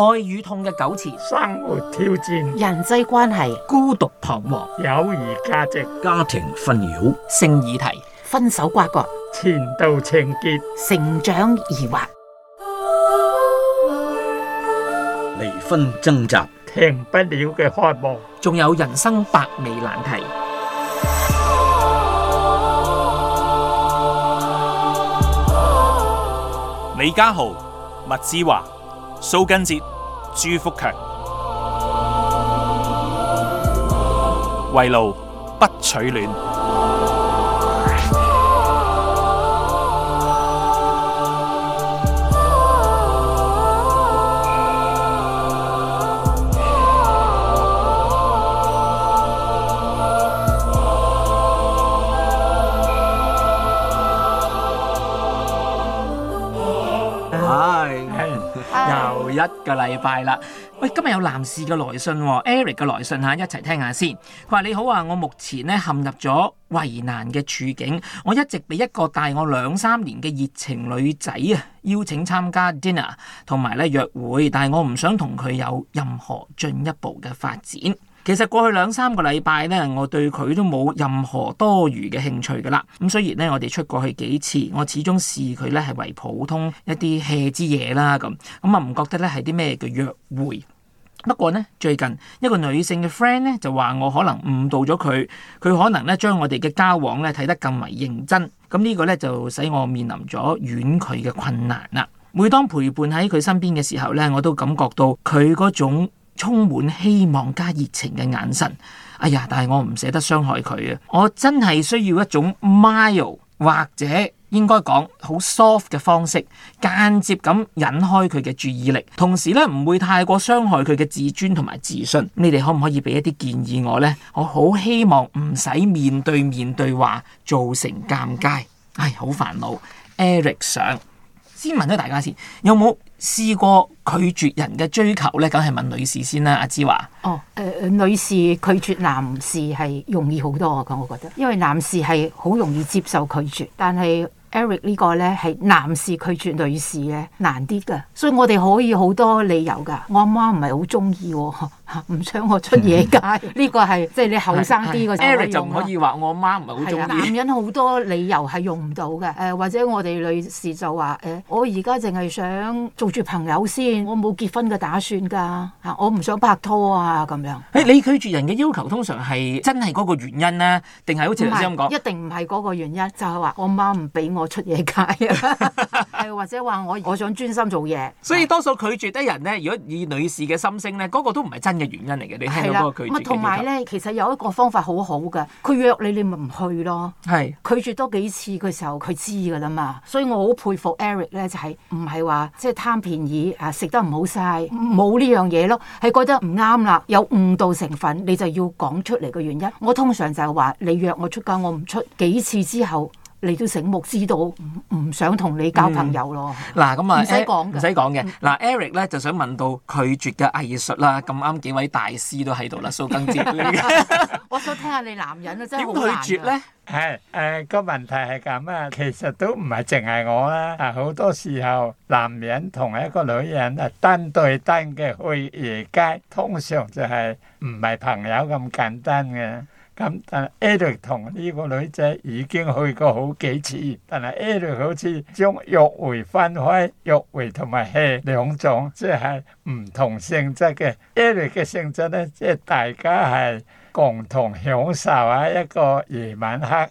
愛與痛嘅糾纏，生活挑戰，人際關係，孤獨彷徨，友誼價值，家庭紛擾，性議題，分手瓜葛，前度情結，成長疑惑，離婚掙扎，停不了嘅渴望，仲有人生百味難題。李嘉豪，麥之華。掃根哲》朱福強，圍爐不取暖。一個禮拜啦，喂，今日有男士嘅來信喎，Eric 嘅來信嚇，一齊聽下先。佢話你好啊，我目前咧陷入咗為難嘅處境，我一直俾一個大我兩三年嘅熱情女仔啊邀請參加 dinner 同埋咧約會，但係我唔想同佢有任何進一步嘅發展。其實過去兩三個禮拜呢，我對佢都冇任何多餘嘅興趣噶啦。咁雖然呢，我哋出過去幾次，我始終視佢呢係為普通一啲 hea 之嘢啦，咁咁啊，唔覺得呢係啲咩嘅約會。不過呢，最近一個女性嘅 friend 呢，就話我可能誤導咗佢，佢可能呢將我哋嘅交往呢睇得更為認真。咁呢個呢，就使我面臨咗遠佢嘅困難啦。每當陪伴喺佢身邊嘅時候呢，我都感覺到佢嗰種。充滿希望加熱情嘅眼神，哎呀！但係我唔捨得傷害佢啊！我真係需要一種 mild 或者應該講好 soft 嘅方式，間接咁引開佢嘅注意力，同時咧唔會太過傷害佢嘅自尊同埋自信。你哋可唔可以俾一啲建議我呢？我好希望唔使面對面對話，造成尷尬，哎，好煩惱。Eric 想先問咗大家先，有冇試過拒絕人嘅追求呢？梗係問女士先啦。阿芝話、哦呃：女士拒絕男士係容易好多㗎，我覺得。因為男士係好容易接受拒絕，但係 Eric 呢個呢，係男士拒絕女士嘅難啲㗎，所以我哋可以好多理由㗎。我阿媽唔係好中意喎。唔想我出野街，呢 個係 即係你後生啲個就可就可以話 Eric 我媽唔係好中意。女、啊、人好多理由係用唔到嘅，誒、呃、或者我哋女士就話誒、欸，我而家淨係想做住朋友先，我冇結婚嘅打算㗎，嚇、啊、我唔想拍拖啊咁樣。誒、欸，你拒絕人嘅要求通常係真係嗰個原因咧，定係好似頭先咁講？一定唔係嗰個原因，就係、是、話我媽唔俾我出野街，誒 或者話我我想專心做嘢。 是所以多數拒絕得人咧，如果以女士嘅心聲咧，嗰、那個都唔係真。嘅原因嚟嘅，你太多同埋咧，其實有一個方法好好嘅，佢約你，你咪唔去咯。係的拒絕多幾次嘅時候，佢知噶啦嘛。所以我好佩服 Eric 咧，就係唔係話即係貪便宜啊，食得唔好晒，冇呢樣嘢咯，係覺得唔啱啦，有誤導成分，你就要講出嚟嘅原因。我通常就係話，你約我出街，我唔出幾次之後。你都醒目知道唔想同你交朋友咯？嗱咁啊，唔使講嘅。嗱、嗯、Eric 咧就想問到拒絕嘅藝術啦。咁啱幾位大師都喺度啦，蘇更捷。 我想聽下你男人啊，真係好難。呢個拒絕咧，係誒個問題係咁啊。其實都唔係淨係我啦，係好多時候男人同一個女人啊，單對單嘅去夜街，通常就係唔係朋友咁簡單嘅。咁但係 Eric 同呢個女仔已經去過好幾次，但係 Eric 好似將約會分開，約會同埋 hea 兩種，即係唔同性質嘅。Eric 嘅性質咧，即係大家係共同享受啊一個夜晚黑。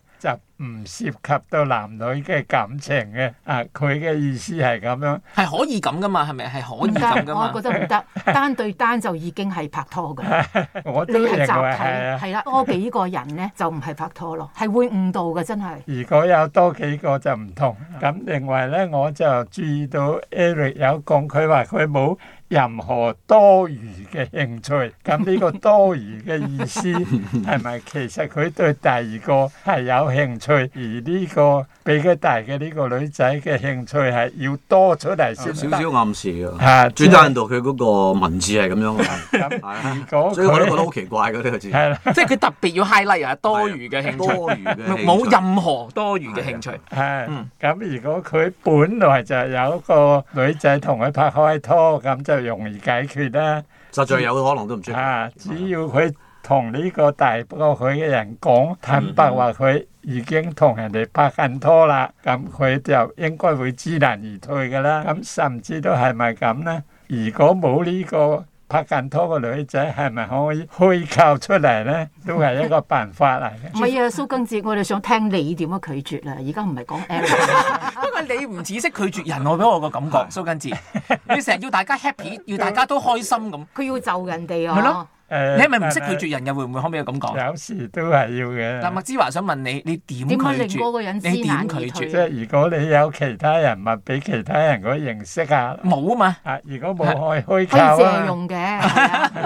唔涉及到男女嘅感情嘅，啊，佢嘅意思係咁樣，係可以咁㗎嘛？係咪？係可以咁㗎嘛？ 我覺得唔得，單對單就已經係拍拖㗎啦。 我你係集體，係啦是、啊 啊，多幾個人咧就唔係拍拖咯，係會誤導嘅真係。如果有多幾個就唔同，咁另外咧，我就注意到 Eric 有講，佢話佢冇任何多餘嘅興趣，咁呢個多餘嘅意思係咪 其實佢對第二個係有興趣，而呢個俾佢大嘅呢個女仔嘅興趣係要多咗，但先少少暗示啊！啊、就係，最難度佢嗰個文字係咁樣、嗯、啊， 所以我都覺得好奇怪呢啲、呢個、字。係即係佢特別要 highlight 多餘嘅興趣，多餘嘅，冇任何多餘嘅興趣。係、啊，咁、啊嗯啊、如果佢本來就係有一個女仔同佢拍開拖，咁就。容易解決啦，啊，實在有可能都唔出。啊，只要佢同呢個大不過佢嘅人講坦白話，佢已經同人哋拍緊拖啦，咁佢就應該會知難而退㗎啦。咁甚至都係咪咁咧？如果冇呢、呢個，拍緊拖個女仔係咪可以虛構出嚟咧？都係一個辦法嚟嘅。唔係 啊，蘇根治，我哋想聽你點樣拒絕啊！而家唔係講，不過、er、 你唔只識拒絕人，我俾我個感覺， 蘇根治，你成日要大家 happy，要大家都開心咁。佢 要就人哋啊！ 係囉。你係咪唔識拒絕人？又會唔會可唔可以咁講？有時都係要嘅。嗱，麥之華想問你，你點拒絕？點令嗰個人知難拒絕？即係如果你有其他人物，俾其他人嗰認識啊？冇啊嘛。如果冇、啊嗯、可以 借用嘅。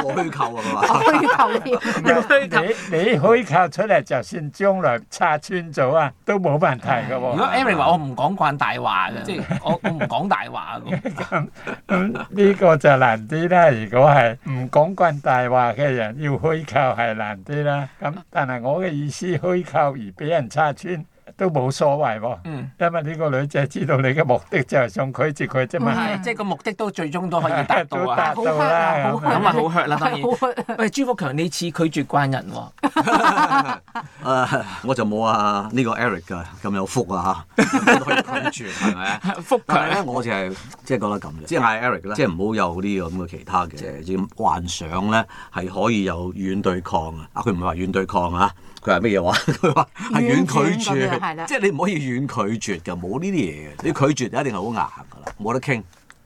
冇虛構啊嘛。虛構啲。你你虛構出嚟，就算將來拆穿咗啊，都冇問題嘅喎。如果 Eric 話我唔講慣大話嘅，即係我我唔講大話。咁咁呢個就難啲啦。如果係唔講慣大話，嘅人要虛構係難啲啦，咁但係我嘅意思虛構而俾人拆穿。都冇所謂喎、哦，因為呢個女仔知道你嘅目的就係想拒絕佢啫嘛。嗯嗯、即係個目的都最終都可以達到啊！好靴啦，咁啊，好靴啦。啊好嗯、當然，喂、啊、朱福強，呢次拒絕慣人喎。我就冇啊呢、呢個 Eric 㗎、啊，咁有福啊！ 啊可以拒絕係咪啊？福強咧，我就係即係覺得咁嘅，即係嗌 Eric 啦，即係唔好有呢個咁嘅其他嘅幻想咧，係可以有軟、就是、對抗啊！啊，佢唔係話軟對抗啊。佢係乜嘢話？佢話係軟拒絕，即係你唔可以軟拒絕，絕嘅冇呢啲嘢嘅。你拒絕就一定係好硬㗎啦，冇得傾。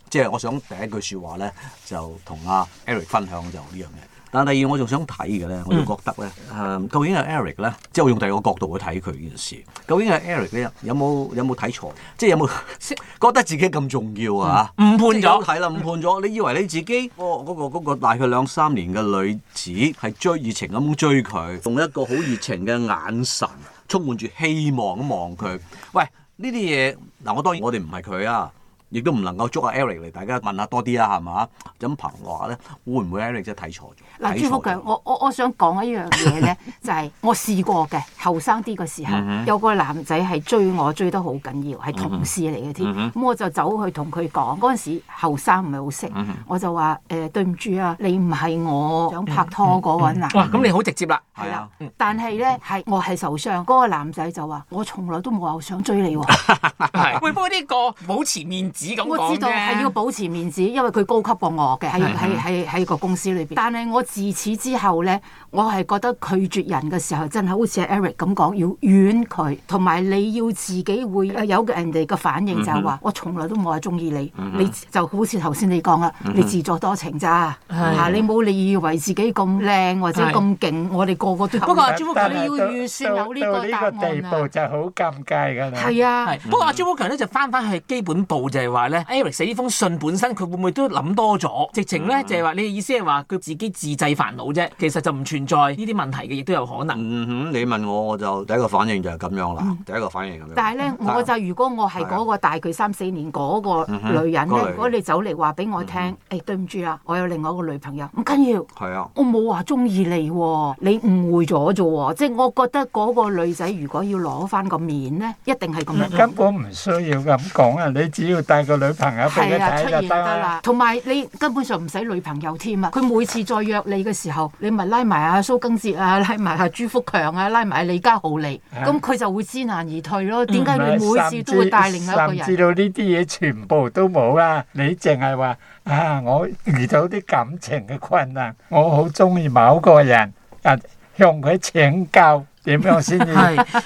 即係我想第一句説話咧，就同阿 Eric 分享就呢樣嘢。但第二我仲想睇嘅咧，我就覺得咧，誒、嗯，嗯、究竟係 Eric 咧，即、就、係、是、我用第二個角度去睇佢呢件事。究竟係 Eric 咧，有冇有冇睇錯？即、就、係、是、有冇 覺得自己咁重要啊？嗯、誤判咗，係啦，誤判咗。嗯、你以為你自己嗰、哦那個那個大概兩三年嘅女子係追熱情咁追佢，用一個好熱情嘅眼神，充滿住希望咁望佢。喂，呢啲嘢嗱，我當然我哋唔係佢啊。亦都唔能夠捉阿 Eric 嚟，大家問下多啲啊，係嘛？咁彭華咧，會唔會 Eric 真係睇錯咗？嗱，朱福強，我我我想講一樣嘢咧，就係、是、我試過嘅，後生啲嘅時候，嗯、有個男仔係追我，追得好緊要，係同事嚟嘅添。咁、嗯嗯嗯嗯嗯、我就走去同佢講，嗰陣時後生唔係好識，我就話誒、呃、對唔住啊，你唔係我想拍拖嗰個男。哇！咁、嗯嗯、你好直接啦，係啦，mm. 但係咧係我係受傷，嗰、那個男仔就話我從來都冇話想追你喎。會唔會呢個保持面？我知道係要保持面子，因為佢高級過我嘅，係係係喺個公司裏邊。但係我自此之後咧，我係覺得拒絕人嘅時候，真係好似 Eric 咁講，要遠佢，同埋你要自己會有人哋嘅反應，就係話我從來都冇話中意你，你就好似頭先你講啦，你自作多情咋？你冇你以為自己咁靚或者咁勁，我哋個個都不過 Joker，你要預算有呢個地步，就好尷尬㗎啦。係啊，不過 Joker 咧就翻返去基本步。話咧，Eric 寫呢封信本身佢會唔會都諗多咗？直情咧，的就係話你意思係話佢自己自製煩惱啫。其實就唔存在呢啲問題嘅，亦都有可能、嗯。你問我，我就第一個反應就係咁樣啦。嗯、第一個反應咁樣。但係呢咧，嗯、我就如果我係嗰個大佢三四年嗰個女人咧、嗯那個，如果你走嚟話俾我聽，誒、嗯哼哎，對唔住啦，我有另外一個女朋友，唔緊要。係啊的。我冇話中意你、哦，你誤會咗咋喎？即、就、係、是、我覺得嗰個女仔如果要攞翻個面咧，一定係咁樣、嗯。根本唔需要咁講啊！你只要個女朋友俾你睇就得啦。同埋、啊、你根本上唔使女朋友添啊！佢每次再約你嘅時候，你咪拉埋阿蘇更哲啊，拉埋阿朱福強啊，拉埋李家豪嚟，咁佢、啊、就會知難而退咯。點解你每次都會帶另外一個人？知道呢啲嘢全部都冇啦！你淨係話啊，我遇到啲感情嘅困難，我好中意某個人啊，向佢請教。點樣先至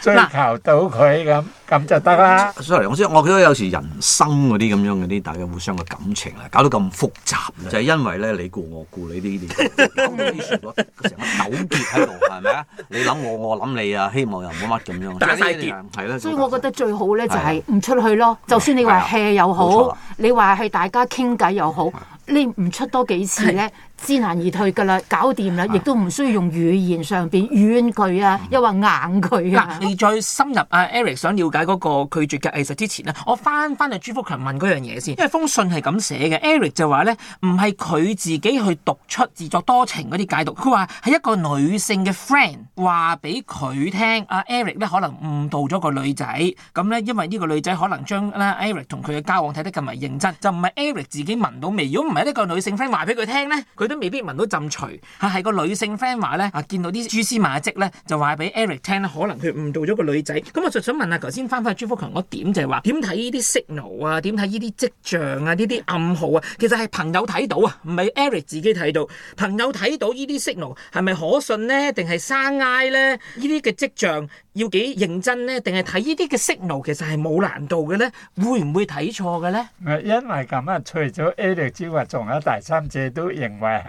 追求到佢咁咁就得啦？Sorry，我覺我覺得有時人生嗰啲咁樣嗰啲大家互相嘅感情啊，搞到咁複雜，的就係因為咧你顧我顧你啲嘢，搞到啲成個糾結喺度，係咪啊？你諗我，我諗你啊，希望又冇乜咁樣。大跌 以，係啦。所以我覺得最好咧就係唔出去咯。的就算你話 hea 又好，的你話係大家傾偈又好，的你唔出多幾次咧？的知難而退㗎啦，搞掂啦，亦都唔需要用語言上邊婉拒啊，又或硬拒啊。嗱、啊，你再深入阿 Eric 想了解嗰個拒絕嘅藝術之前咧，我翻翻去朱福強問嗰樣嘢先，因為封信係咁寫嘅。Eric 就話咧，唔係佢自己去讀出自作多情嗰啲解讀，佢話係一個女性嘅 friend 話俾佢聽，阿 Eric 咧可能誤導咗個女仔。咁咧，因為呢個女仔可能將啦 Eric 同佢嘅交往睇得咁埋認真，就唔係 Eric 自己聞到味。如果唔係呢個女性 friend 話俾佢聽咧，佢。未必聞到陣除，嚇、啊，係個女性 friend 話咧，啊見到啲蛛絲馬跡咧，就話俾 Eric 聽，可能佢誤導咗個女仔。咁、嗯、我就想問下，頭先翻返去朱福強嗰點就係話點睇呢啲 signal 啊？點睇呢啲跡象啊？呢啲暗號啊？其實係朋友睇到啊，唔係 Eric 自己睇到。朋友睇到呢啲 signal 係咪可信呢？定係生挨咧？呢啲嘅跡象要幾認真呢？定係睇呢啲嘅 signal 其實係冇難度嘅咧？會唔會睇錯嘅咧？因為咁啊，除咗 Eric 之外，仲有第三者都認為。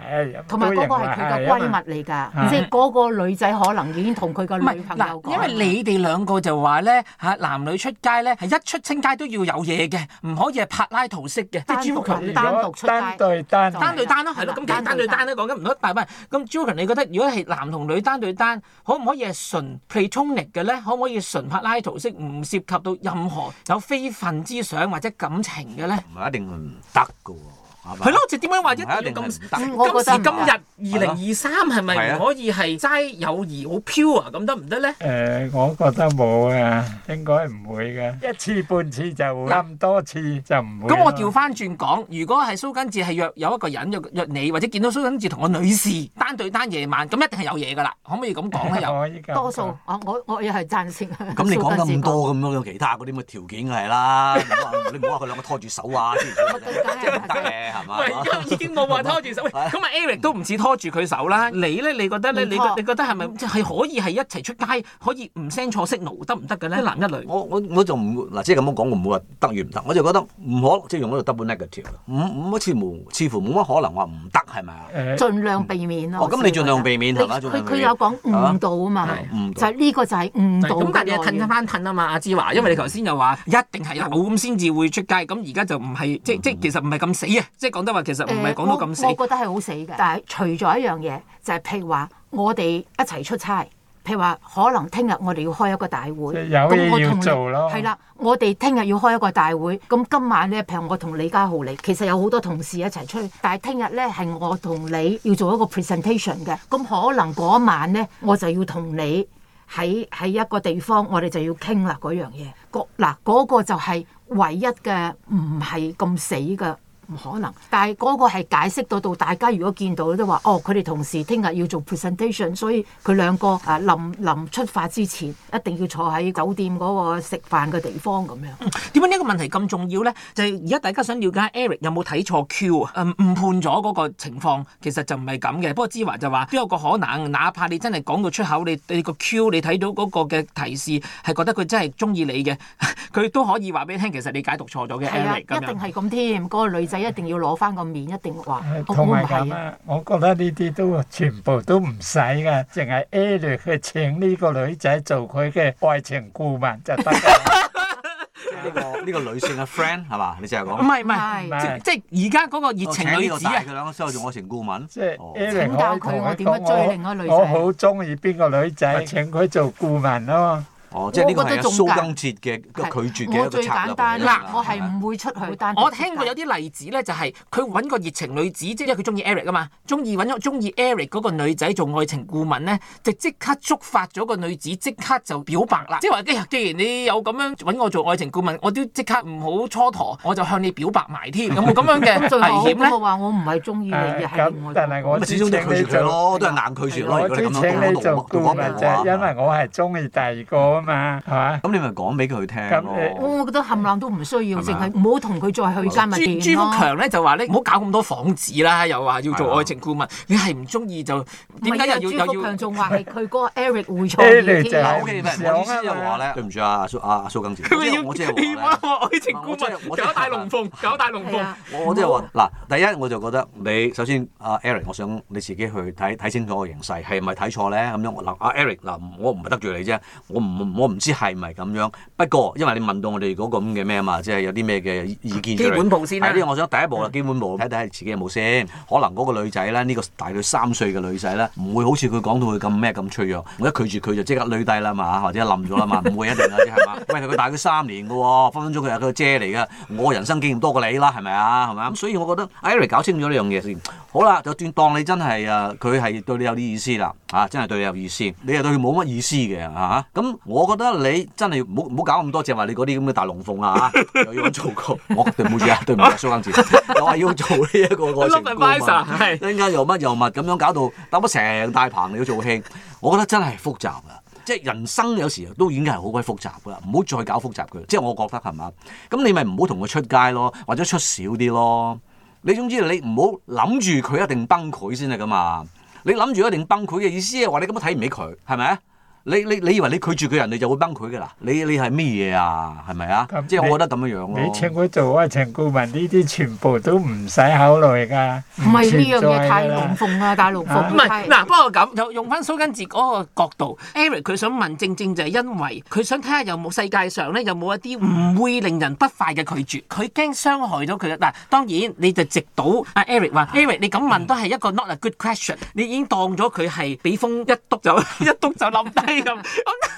同埋嗰個係佢嘅閨蜜嚟㗎，即係嗰個女仔可能已經同佢個女朋友講。因為你哋兩個就話咧嚇，男女出街咧係一出清街都要有嘢嘅，唔可以係柏拉圖式嘅。即係朱福強，你單獨出街。單對單，單對單咯，係咯。咁其實單對單咧講緊唔多大乜。咁朱福強，你覺得如果係男同女單對單，可唔可以係純 platonic 嘅咧？可唔可以純柏拉圖式，唔涉及到任何有非分之想或者感情嘅咧？唔係一定唔得嘅喎。係咯，就點樣話一啲咁今時今日二零二三係咪唔可以係齋友誼好 pure 啊？咁得唔得咧？誒，我覺得冇啊，應該唔會㗎。一次半次就會。咁多次就唔會。咁我調翻轉講，如果係蘇根治係約有一個人約約你，或者見到蘇根治同個女士單對單夜晚，咁一定係有嘢㗎啦。可唔可以咁講咧？又多數啊，我我又係贊先。咁你講咗咁多咁樣嘅其他嗰啲咁嘅條件係啦，你唔好話佢兩個拖住手啊之類嘅，即係唔得嘅。唔係，因為已經冇話拖住手，咁阿 Eric 都唔似拖住佢手啦。你咧，你覺得咧，你你覺得係咪即係可以係一齊出街，可以唔 send 錯 signal 得唔得嘅咧？一男一女，我我我就唔嗱，即係咁樣講，我唔會話得與唔得，我就覺得唔可，即係用嗰個 double negative，唔唔好似冇，似乎冇乜可能話唔得，係咪啊？誒，盡量避免咯。咁你盡量避免係咪？盡量避免。佢有講誤導啊嘛，就係呢個就係誤導。咁但係你褪翻褪啊嘛，阿志華，因為你頭先又話一定係有咁先至會出街，咁而家就唔係，即即其實唔係咁死啊。即係講得話，其實唔係講到咁死。欸我。我覺得係好死嘅。但係除咗一樣嘢，就係、是、譬如話，我哋一齊出差。譬如話，可能聽日我哋要開一個大會，有嘢要做咯。係啦、嗯嗯，我哋聽日要開一個大會，咁今晚咧，譬如我同李家豪嚟，其實有好多同事一齊出去。但係聽日咧，係我同你要做一個 presentation 嘅。咁可能嗰晚咧，我就要同你喺喺一個地方，我哋就要傾啦嗰樣嘢。嗱，嗰、那個就係唯一嘅唔係咁死嘅。唔可能，但係個係解釋到到，大家如果見到都話哦，佢哋同事聽日要做 presentation，所以佢兩個啊臨臨出發之前一定要坐喺酒店個食飯嘅地方咁樣。點解呢個問題咁重要咧？就係而家大家想了解 Eric 有冇睇錯 Q 啊，呃，誤判咗個情況，其實就唔係咁嘅。不過芝華就話都有個可能，哪怕你真係講到出口，你你個 Q 你睇到個嘅提示，係覺得佢真係中意你嘅，佢 都可以話俾你聽，其實你解讀錯咗嘅 Eric，啊，一定係咁添，嗰個女。就一定要攞翻個面，一定話。同埋啊，我覺得呢啲都全部都唔使噶，淨係 Eric 請呢個女仔做佢嘅愛情顧問就得啦。呢個呢個女性嘅 friend 係嘛？你即係講唔係唔係唔係？即係而家嗰個熱情女子啊，佢兩個收做愛情顧問，即係 Eric 同我點樣追另外一個女仔？我好中意邊個女仔，請佢做顧問囉。哦，即係呢個係蘇殷捷嘅拒絕嘅一個策略。我最簡單啦，我係唔會出去。我聽過有啲例子咧，就係佢揾個熱情女子，即係因為佢中意 Eric 啊嘛，中意揾咗中意 Eric 嗰個女仔做愛情顧問咧，就即刻觸發咗個女子，即刻就表白啦。即係話，即係既然你有咁樣揾我做愛情顧問，我都即刻唔好蹉跎，我就向你表白埋添。有冇咁樣嘅最危險咧？我話我唔係中意你嘅，係但係我咪始終就拒絕佢咯，都係硬拒絕咯。我即係請你做顧問啫，因為我係中意第二個。咁你咪講俾佢聽咯。我覺得冚 𠰻 都唔需要，淨係唔好同佢再去間密店咯。朱朱福強咧，就話你唔好搞咁多幌子啦，又話要做愛情顧問，你係唔中意就點解又要又仲話係佢嗰 Eric 會錯意思就話咧，對唔住啊，阿阿蘇更前。咁你要電話愛情顧問，搞大龍鳳，搞大龍鳳。我即係話嗱，第一我就覺得你首先阿 Eric，我想你自己去睇睇清楚個形勢，係咪睇錯咧？咁樣我諗阿 Eric，嗱我唔係得罪你啫，我唔。我唔知係唔係咁樣，不過因為你問到我哋嗰個咁嘅咩啊嘛，即係有啲咩嘅意見。基本步先啦、啊，係呢，呢個、我想第一步啦，基本步睇睇自己有冇先。可能嗰個女仔咧，呢、呢個大佢三歲嘅女仔咧，唔會好似佢講到佢咁咩咁脆弱。我一拒絕佢就即刻女帝啦嘛，或者冧咗啦嘛，唔會一定嘅，係嘛？喂，佢大佢三年嘅喎、哦，分分鐘佢係佢個姐嚟嘅。我人生經驗多過你啦，係咪啊？係咪？所以我覺得 Eric 搞清楚呢樣嘢先。好啦，就當你真係誒，佢係對你有啲意思啦，嚇、啊，真係對你有意思，你又對佢冇乜意思嘅嚇。咁、啊、我。我覺得你真係唔好唔好搞咁多，即係話你嗰啲咁嘅大龍鳳啊，又要做個， 我絕對唔好嘅，對唔住，雙關字，又話要做呢 一個，我諗係，一陣間又乜又乜咁樣搞到，搞到成大棚你要做戲，我覺得真係複雜噶，即係人生有時都已經係好鬼複雜噶啦，唔好再搞複雜噶，即係我覺得係嘛，咁你咪唔好同佢出街咯，或者出少啲咯，你總之你唔好諗住佢一定崩潰先啦噶嘛，你諗住一定崩潰嘅意思，話你根本睇唔起佢，係咪？你你你以為你拒絕佢人哋就會崩潰噶啦？你你係咩嘢啊？係咪啊？嗯、即係我覺得咁樣樣你，你請佢做啊，陳顧問呢啲全部都唔使考慮噶。唔係呢樣嘢太龍鳳啦，大龍鳳。唔係嗱，不過咁就用翻蘇根治嗰個角度，Eric 佢想問，正正就係因為佢想睇下有冇世界上咧有冇一啲唔會令人不快嘅拒絕，佢驚傷害咗佢啦。嗱，當然你就直到啊，Eric 話：Eric 你咁問都係一個 not a good question， 你已經當咗佢係俾風一篤就一篤就冧。 咁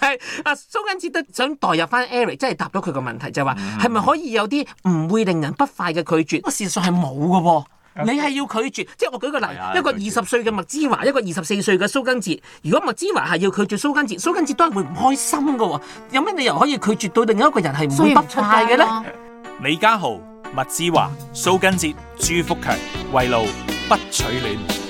但係阿蘇根哲都想代入翻 Eric，真係答咗佢個問題，就係話係咪可以有啲唔會令人不快嘅拒絕？事實上係冇噶喎，你係要拒絕，即係我舉個例，啊、一個二十歲嘅麥之華，一個二十四歲嘅蘇根哲。如果麥之華係要拒絕蘇根哲，蘇根哲都係會唔開心噶，有咩理由可以拒絕到另一個人係唔會不快嘅咧？李家豪、麥之華、蘇根哲、朱福強、圍爐不取暖。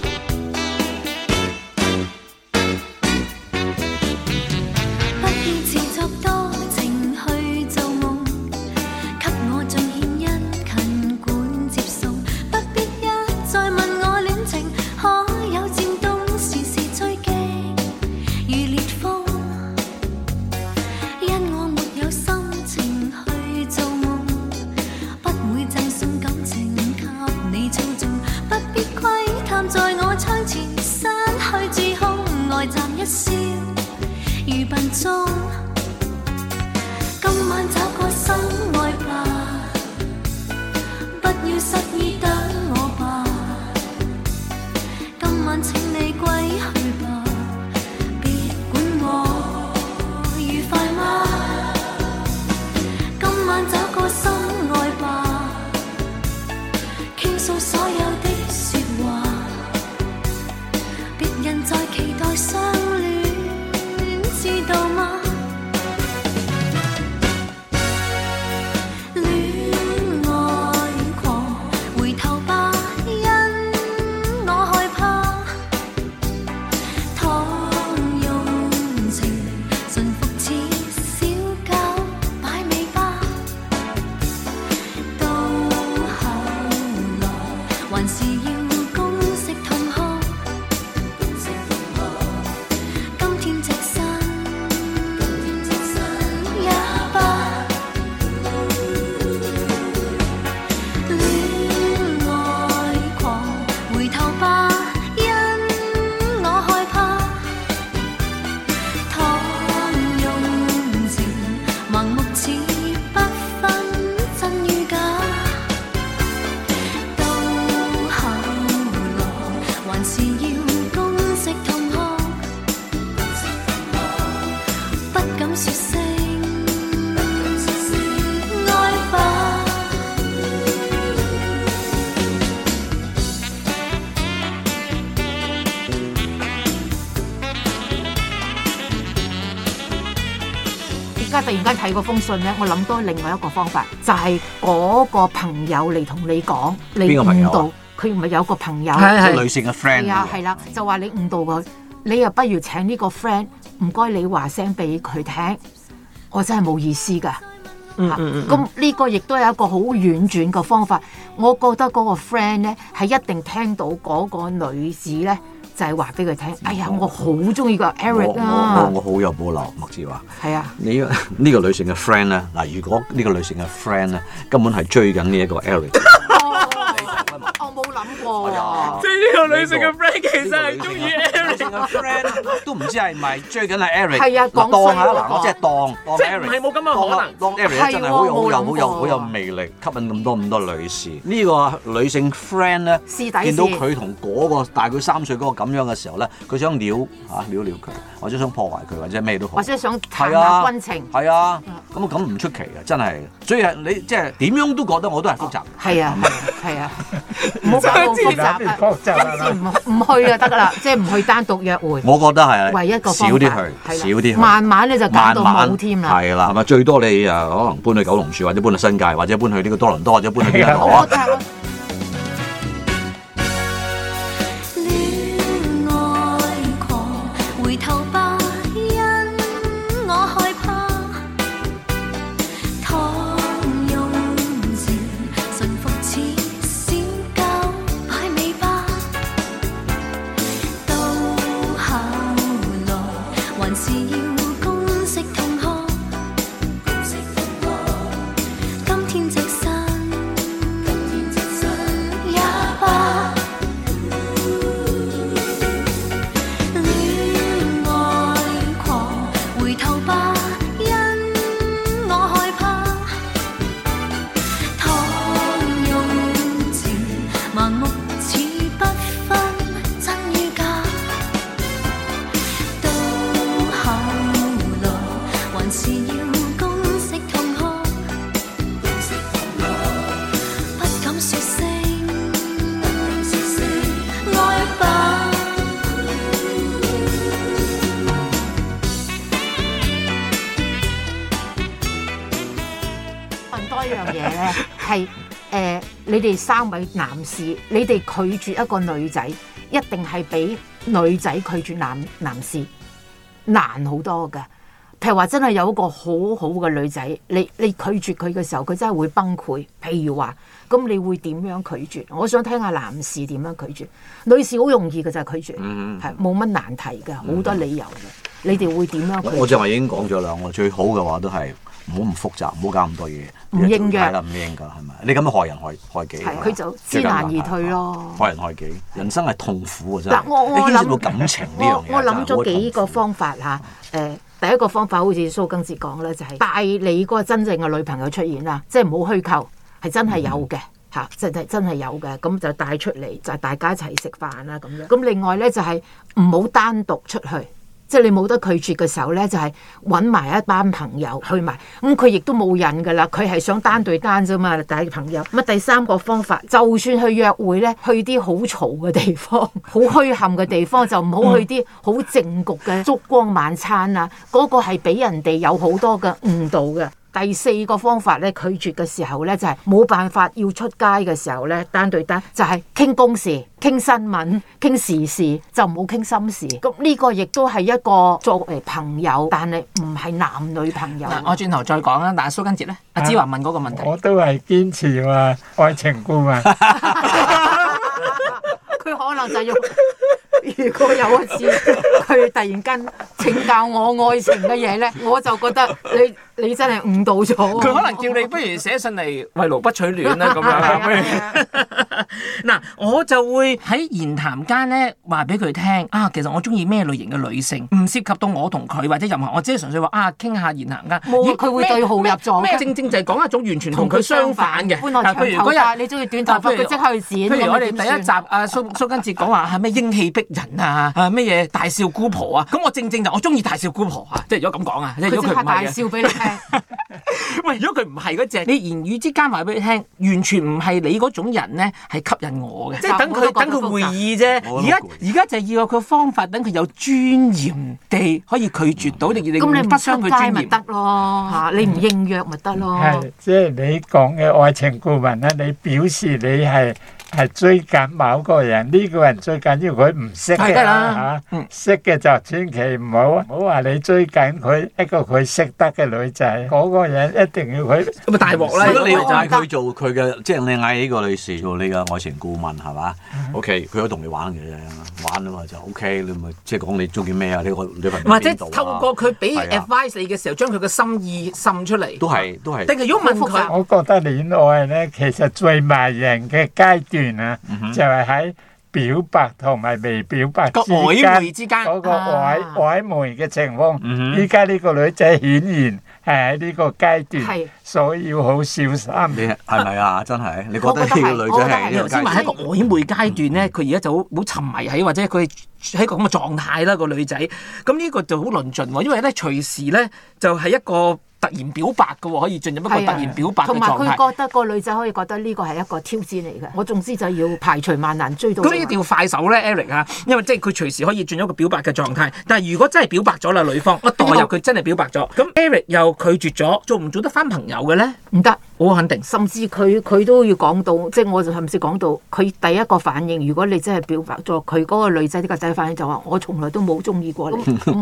睇嗰封信咧，我諗多另外一個方法，就係、是、嗰個朋友嚟，同你講，你誤導佢唔係有個朋友，個女性嘅 friend，係啦，就話你誤導佢，你又不如請呢個 friend，唔該你話聲俾佢聽，我真係冇意思噶，咁呢、嗯嗯嗯嗯、個亦都有一個好婉轉嘅方法，我覺得嗰個 friend 咧係一定聽到嗰個女子咧。就係話俾佢聽，哎呀，我，我好中意個 Eric 啊！我我我，我好有保留，莫志華。係啊，你呢、這個女性嘅 friend 咧，嗱，如果呢個女性嘅 friend 咧，根本係追緊呢一個 Eric。即係呢個女性嘅 friend 其實係中意 Eric，嘅 Friend，都唔知係咪追緊係 Eric。係啊，當嚇嗱，我即係當，Eric，你冇咁嘅可能。當 Eric 真係好有好有好有好有魅力，吸引咁多咁多女士。呢個女性 friend 咧，見到佢同嗰個大佢三歲嗰個咁樣嘅時候咧，佢想撩嚇撩撩佢，或者想破壞佢，或者咩都好，或者想睇下軍情。係啊，咁啊咁唔出奇啊，真係。所以係你即係點樣都覺得我都係複雜。係啊，係啊，唔好。唔唔去就得啦，即係唔去單獨約會。我覺得係唯一個，少啲去，少啲去，慢慢你就搞到冇添啦。係啦，係咪最多你啊？可能搬去九龍樹或者搬去新界，或者搬去呢個多倫多，或者搬去邊啊？多 一樣嘢咧，係誒，你哋三位男士，你哋拒絕一個女仔，一定係比女仔拒絕男男士難好多㗎。譬如話真係有一個好好嘅女仔，你你拒絕佢嘅時候，佢真係會崩潰。譬如話，咁你會點樣拒絕？我想聽下男士點樣拒絕，女士好容易嘅就係拒絕，係冇乜難題嘅，好多理由嘅。嗯，你哋會點樣拒絕我？我正話已經講咗啦，我最好嘅話都係。唔好咁複雜，唔好搞咁多嘢。唔應讓得唔應噶，係咪？你咁樣害人害害己。佢就知難而退咯。害人害己，人生係痛苦嘅啫。嗱我，我我諗到感情呢樣嘢。我諗咗幾個方法嚇。誒、嗯啊，第一個方法好似蘇更哲講啦，就係、是、帶你嗰個真正嘅女朋友出現啦，即係唔好虛構，係真係有嘅嚇，真係真係有嘅，咁就帶出嚟就是、大家一齊食飯啦咁樣。咁另外咧就係唔好單獨出去。即係你冇得拒絕嘅時候咧，就係揾埋一班朋友去埋，咁佢亦都冇癮噶啦，佢係想單對單啫嘛，第一帶朋友。咁、嗯、第三個方法，就算去約會咧，去啲好嘈嘅地方，好虛冚嘅地方，就唔好去啲好靜局嘅燭光晚餐啊，嗰、嗰個係俾人哋有好多嘅誤導嘅。第四個方法咧，拒絕嘅時候咧，就係、是、冇辦法要出街嘅時候咧，單對單就係、是、傾公事、傾新聞、傾時事，就唔好傾心事。咁呢個亦都係一個作為朋友，但係唔係男女朋友。啊、我轉頭再講啦，但係蘇根哲咧，阿、啊、子華問嗰個問題，我都係堅持嘛，愛情觀嘛，佢 可能就要、是。如果有一次佢突然間請教我愛情嘅嘢咧，我就覺得你你真係誤導咗。佢可能叫你不如寫信嚟圍爐不取暖啦咁樣。嗱，我就會喺言談間咧，話俾佢聽啊，其實我中意咩類型嘅女性，唔涉及到我同佢或者任何，我只係純粹話啊，傾下言談啊。佢會對號入座，正正就係講一種完全同佢相反嘅。啊，譬如嗰日你中意短頭髮，佢即刻去剪。譬如我哋第一集啊，蘇蘇根哲講話係咩英氣逼人啊啊咩嘢大笑姑婆啊，咁我、啊、正正就我中意大笑姑婆啊，即係如果咁講啊，即如果佢大笑俾你聽。喂， 如果佢唔係嗰隻，你言語之間話俾你聽，完全唔係你嗰種人咧，係吸引我嘅。嗯、即係等佢等佢會意啫。而家而家就係要個佢方法，等佢有尊嚴地可以拒絕到你。咁、嗯、你不傷佢尊嚴咪得咯？吓、嗯，你唔應約咪得咯？係即係你講嘅愛情顧問咧，你表示你係。係追緊某個人，呢個人最緊要佢唔識㗎喇，識嘅就千祈唔好唔好話你追緊佢一個佢識得嘅女仔，嗰個人一定要佢咁咪大鑊咧。如果你要嗌佢做佢嘅，即係你嗌呢個女士做你嘅愛情顧問係嘛？OK，佢可以同你玩嘅，玩啊嘛就 OK。你咪即係講你中意咩啊？呢個女朋友或者透過佢俾 advice 你嘅時候，將佢嘅心意滲出嚟，都係都係。定係如果問佢我覺得戀愛咧，其實最迷人嘅階段。嗯、就係喺表白同埋未表白之間，嗰個曖昧之間，嗰個曖曖昧嘅情況。依家呢個女仔顯然係喺呢個階段，嗯、哼所以好小心，你係咪啊？ 真係，你覺得呢個女仔係呢個頭先話喺個曖昧階段咧，佢而家就好好沉迷喺或者佢喺個咁嘅狀態啦。個女仔，咁呢個就好論盡，因為咧隨時咧就係、是、一個。突然表白嘅喎，可以進入一個突然表白嘅狀態。同埋佢覺得個女仔可以覺得呢個係一個挑戰嚟嘅，我總之就要排除萬難追到。所以一定要快手咧，Eric 啊，因為即係佢隨時可以進入一個表白嘅狀態。但係如果真係表白咗啦，女方我、啊、代入佢真係表白咗，咁後 Eric 又拒絕咗，做唔做得翻朋友嘅咧？唔得。我肯定，甚至佢佢都要講到，即係我就甚至講到，佢第一個反應，如果你真係表白咗，佢嗰個女仔呢個仔反應就話，我從來都冇中意過你，咁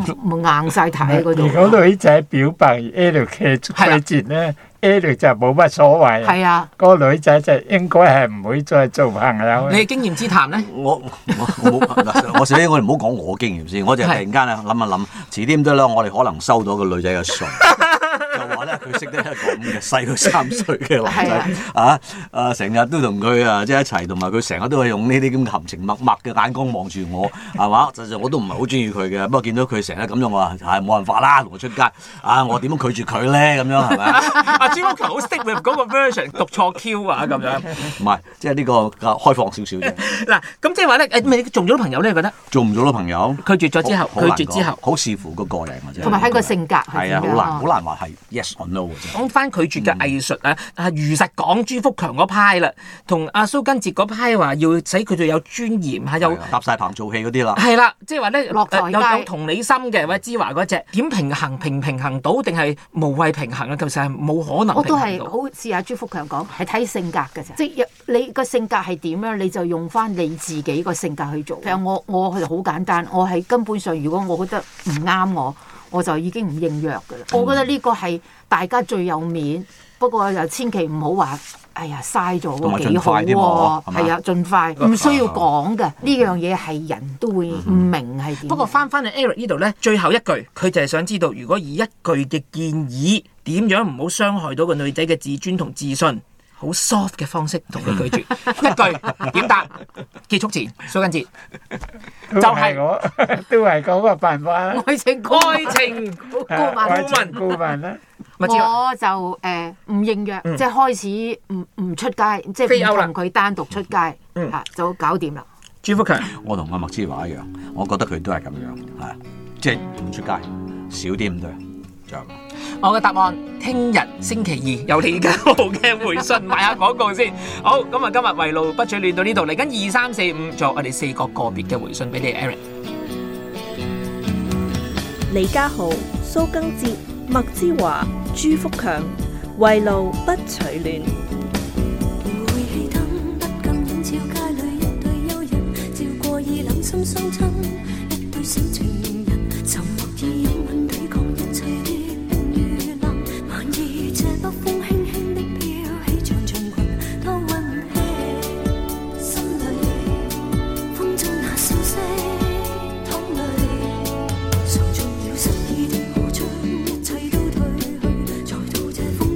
硬晒頭喺嗰度。如果女仔表白，而 Alex 拒絕咧，Alex 就冇乜所謂。係啊，嗰個女仔就應該係唔會再做朋友。你經驗之談咧？我我我我首先我哋唔好講我經驗先，我就突然間啊諗一諗，遲啲咁多咧，我哋可能收到個女仔嘅信。話咧，佢識得一個咁嘅細佢三歲嘅男仔啊！啊，成日都同佢啊，即係一齊，同埋佢成日都係用呢啲咁含情脈脈嘅眼光望住我，係嘛？實在我都唔係好中意佢嘅，不過見到佢成日咁樣話，係冇辦法啦，同我出街啊！我點樣拒絕佢咧？咁樣係咪啊？阿朱好 stick with 嗰個 version，讀錯 Q 啊咁樣。唔係，即係呢個開放少少啫。嗱 啊，咁、啊、即係話咧，誒、哎，你做咗朋友咧，你覺得做唔做到朋友？拒絕咗之後，好拒絕之後，好視乎個個人同埋喺個性格係啊，好難，好難話係。講翻拒絕嘅藝術啊！啊、嗯，如實講，朱福強嗰派啦，同阿蘇根哲嗰派話要使佢哋有尊嚴嚇，嗯嗯嗯、有的搭晒棚做戲嗰啲啦，係啦，即係話咧落台、呃、有同理心嘅，或者芝華嗰隻點平衡平平衡到定係無謂平衡啊？其實係冇可能。我都係好似阿朱福強講，係睇性格嘅啫，即係你個性格係點樣，你就用翻你自己個性格去做。其實我我，我就好簡單，我係根本上如果我覺得唔啱我。我就已經唔應約㗎喇，我覺得呢個係大家最有面，不過就千祈唔好話，哎呀嘥咗幾好喎，係啊吧，盡快，唔需要講嘅，呢樣嘢係人都會唔明係點。嗯嗯嗯、不過返返去 Eric 呢度呢，最後一句佢就係想知道，如果以一句嘅建議，點樣唔好傷害到個女仔嘅自尊同自信？好 soft 嘅方式同佢拒絕，一句點答？結束前蘇根治就係我，都係個咁嘅辦法。愛情愛情顧問顧問咧，我就誒唔應約，即係開始唔唔出街，即係唔同佢單獨出街嚇，就搞掂啦。朱福強，我同阿麥之華一樣，我覺得佢都係咁樣嚇，即係唔出街少啲唔對。我嘅答案，聽日星期二有李家豪嘅回信買下廣告先。好，咁啊，今日圍爐不取暖到呢度，嚟緊二三四五，做我哋四個個別嘅回信俾你。Eric、李家豪、蘇根哲、麥之華、朱福強，圍爐不取暖。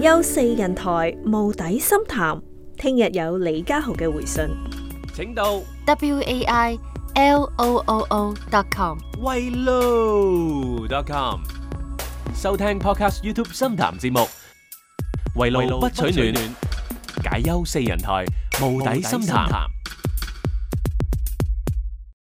憂四人台無底深談，聽日有李家豪嘅回信，請到 wailoo.com。圍爐 .com 收聽 Podcast YouTube 深談節目，圍爐不取暖，解憂四人台無底深談。